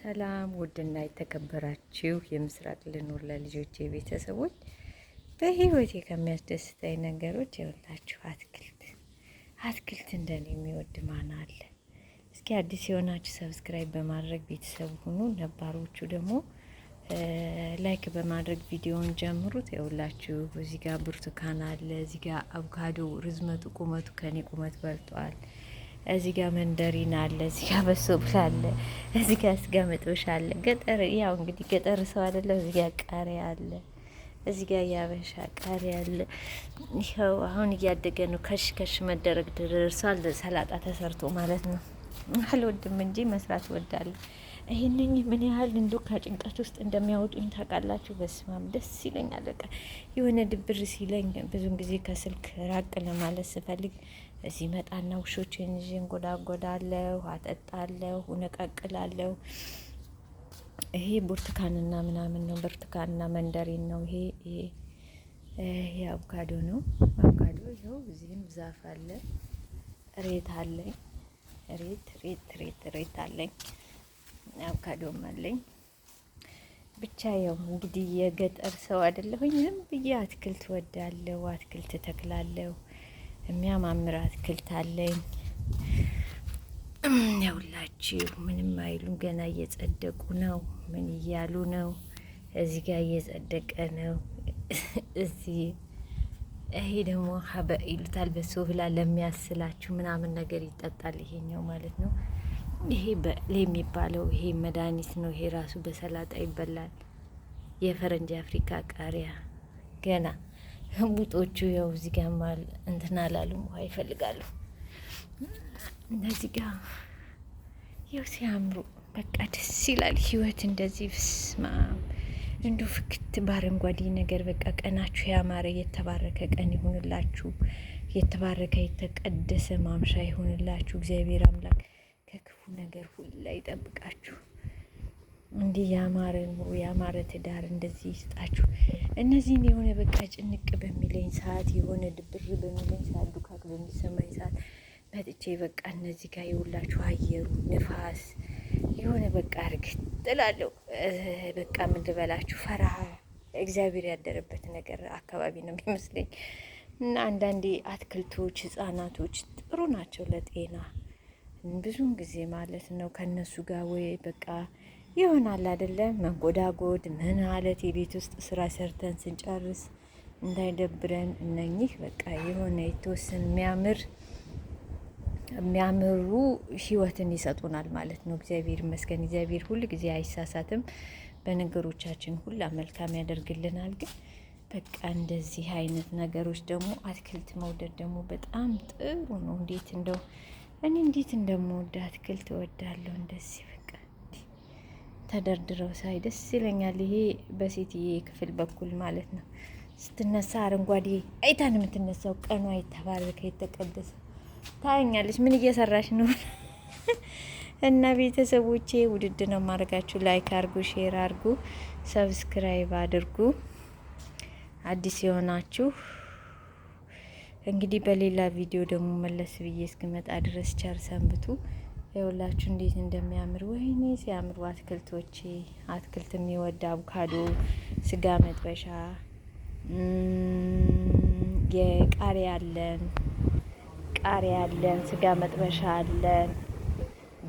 ሰላም ውድና የተከበራችሁ የምስራቅ ልኑር ለልጆች ቤተሰቦች፣ በህይወቴ ከሚያስደስተኝ ነገሮች የወላችሁ አትክልት አትክልት እንደኔ የሚወድ ማን አለ? እስኪ አዲስ የሆናችሁ ሰብስክራይብ በማድረግ ቤተሰብ ሁኑ። ነባሮቹ ደግሞ ላይክ በማድረግ ቪዲዮውን ጀምሩት። የወላችሁ እዚህ ጋር ብርቱካን አለ፣ እዚህ ጋር አቮካዶ ርዝመቱ ቁመቱ ከኔ ቁመት በልጧል። እዚህ ጋር መንደሪን አለ፣ እዚህ ጋር በሶብላ አለ፣ እዚህ ጋር ስጋ መጥበሻ አለ። ገጠር ያው እንግዲህ ገጠር ሰው አይደለም። እዚህ ጋር ቃሪያ አለ፣ እዚህ ጋር ያበሻ ቃሪያ አለ። ይኸው አሁን እያደገ ነው። ከሽ ከሽ መደረግ ደርሷል። ሰላጣ ተሰርቶ ማለት ነው። አልወድም እንጂ መስራት ወዳለሁ። ይህንን ምን ያህል እንዶ ከጭንቀት ውስጥ እንደሚያወጡኝ ታውቃላችሁ። በስማም ደስ ይለኛል። በቃ የሆነ ድብር ሲለኝ ብዙን ጊዜ ከስልክ ራቅ ለማለት ስፈልግ እዚህ መጣና ውሾችን ይዤ እንጎዳጎዳለሁ፣ አጠጣለሁ፣ እነቀቅላለሁ። ይሄ ብርቱካንና ምናምን ነው፣ ብርቱካንና መንደሪን ነው። ይሄ ይሄ አቮካዶ ነው። አቮካዶ ይኸው እዚህም ዛፍ አለ፣ ሬት አለኝ፣ ሬት ሬት ሬት ሬት አለኝ። አቮካዶም አለኝ። ብቻ ያው እንግዲህ የገጠር ሰው አይደለሁኝ። ዝም ብዬ አትክልት ወዳለሁ፣ አትክልት ተክላለሁ። የሚያማምር አትክልት አለኝ። ያውላችሁ ምንም አይሉም። ገና እየጸደቁ ነው። ምን እያሉ ነው? እዚህ ጋር እየጸደቀ ነው። እዚህ ይሄ ደግሞ ሀበ ይሉታል። በሶብላ ለሚያስላችሁ ምናምን ነገር ይጠጣል። ይሄኛው ማለት ነው። ይሄ በእሌ የሚባለው ይሄ መድኃኒት ነው። ይሄ ራሱ በሰላጣ ይበላል። የፈረንጅ አፍሪካ ቃሪያ ገና ህቡጦቹ ያው እዚህ ጋ ማል እንትን አላሉም። ውሃ ይፈልጋሉ። እነዚህ ጋ ያው ሲያምሩ በቃ ደስ ይላል ህይወት እንደዚህ ብስማ እንዱ ፍክት በአረንጓዴ ነገር በቃ ቀናችሁ ያማረ የተባረከ ቀን ይሁንላችሁ። የተባረከ የተቀደሰ ማምሻ ይሁንላችሁ እግዚአብሔር አምላክ ከክፉ ነገር ሁላ ይጠብቃችሁ። እንዲህ ያማረ ኑሮ ያማረ ትዳር እንደዚህ ይስጣችሁ። እነዚህም የሆነ በቃ ጭንቅ በሚለኝ ሰዓት የሆነ ድብር በሚለኝ ሰዓት ዱካክ በሚሰማኝ ሰዓት መጥቼ በቃ እነዚህ ጋር የውላችሁ አየሩ ንፋስ የሆነ በቃ እርግጥ ጥላለሁ በቃ ምን ልበላችሁ ፈራ እግዚአብሔር ያደረበት ነገር አካባቢ ነው የሚመስለኝ እና አንዳንዴ አትክልቶች ህጻናቶች ጥሩ ናቸው ለጤና ብዙን ጊዜ ማለት ነው ከነሱ ጋር ወይ በቃ ይሆናል አይደለም መንጎዳጎድ ምን ማለት የቤት ውስጥ ስራ ሰርተን ስንጨርስ እንዳይደብረን እነኚህ በቃ የሆነ የተወሰን የሚያምር የሚያምሩ ህይወትን ይሰጡናል ማለት ነው። እግዚአብሔር ይመስገን። እግዚአብሔር ሁል ጊዜ አይሳሳትም፣ በነገሮቻችን ሁላ መልካም ያደርግልናል። ግን በቃ እንደዚህ አይነት ነገሮች ደግሞ አትክልት መውደድ ደግሞ በጣም ጥሩ ነው። እንዴት እንደው እኔ እንዴት እንደምወድ አትክልት እወዳለሁ። እንደዚህ በቃ ተደርድረው ሳይ ደስ ይለኛል። ይሄ በሴትዬ ክፍል በኩል ማለት ነው። ስትነሳ አረንጓዴ አይታን የምትነሳው ቀኗ የተባረከ የተቀደሰ ታያኛለች። ምን እየሰራች ነው? እና ቤተሰቦቼ ውድድ ነው ማድረጋችሁ። ላይክ አርጉ፣ ሼር አርጉ፣ ሰብስክራይብ አድርጉ። አዲስ የሆናችሁ እንግዲህ በሌላ ቪዲዮ ደግሞ መለስ ብዬ እስክመጣ ድረስ ቸር ሰንብቱ። የሁላችሁ እንዴት እንደሚያምር ወይኔ ሲያምሩ አትክልቶቼ። አትክልት የሚወድ አቮካዶ፣ ስጋ መጥበሻ፣ የቃሪያ አለን ቃሪያ አለን፣ ስጋ መጥበሻ አለን፣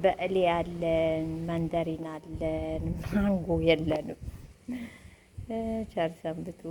በእሌ አለን፣ መንደሪን አለን፣ ማንጎ የለንም። ቸር ሰንብቱ።